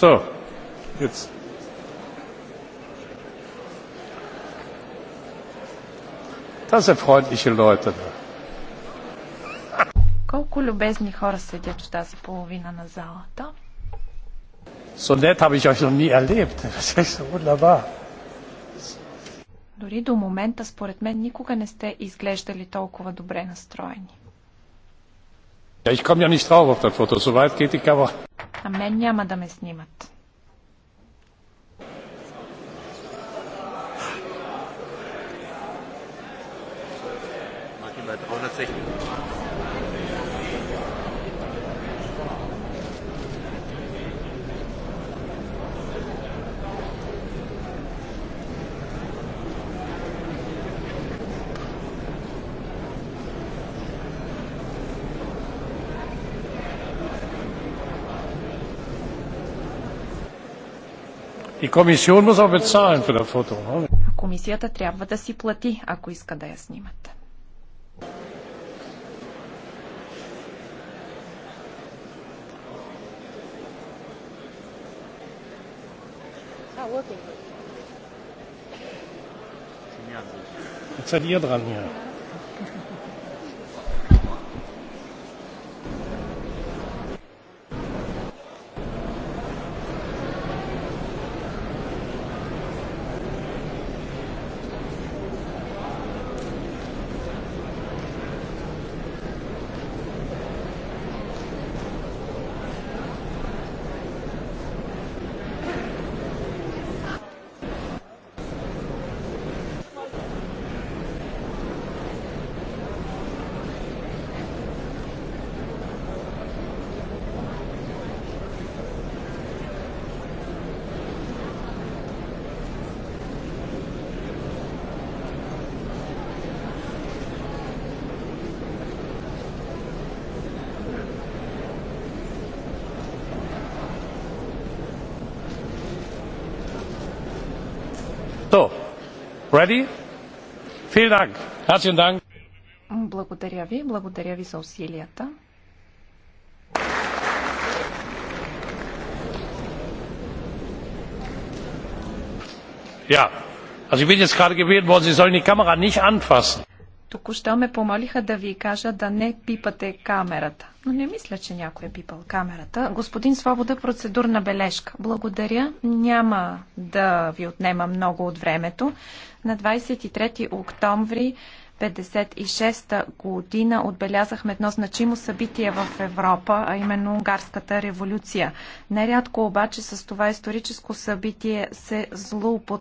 So, jetzt. Das sind freundliche Leute. Колко любезни хора седят в тази половина на залата. So nett habe ich euch noch nie erlebt. Das ist wunderbar. Дори до момента, според мен, никога не сте изглеждали толкова добре настроени. Ja, ich komme ja nicht drauf auf das Foto. So weit geht die Kamera. А мен няма да ме снимат. Martin bei 360. комисията трябва да си плати, ако иска да я снимат. Jetzt seid ihr dran hier. Ready? Vielen Dank. Благодаря ви. Благодаря ви за усилията. Ja, also ich bin jetzt gerade gewählt worden, Sie sollen die Kamera nicht anfassen. Току-що ме помолиха да ви кажа да не пипате камерата. Но не мисля, че някой е пипал камерата. Господин Свобода, процедурна бележка. Благодаря. Няма да ви отнема много от времето. На 23 октомври 1956 година отбелязахме едно значимо събитие в Европа, а именно Унгарската революция. Нерядко обаче с това историческо събитие се злоупотреба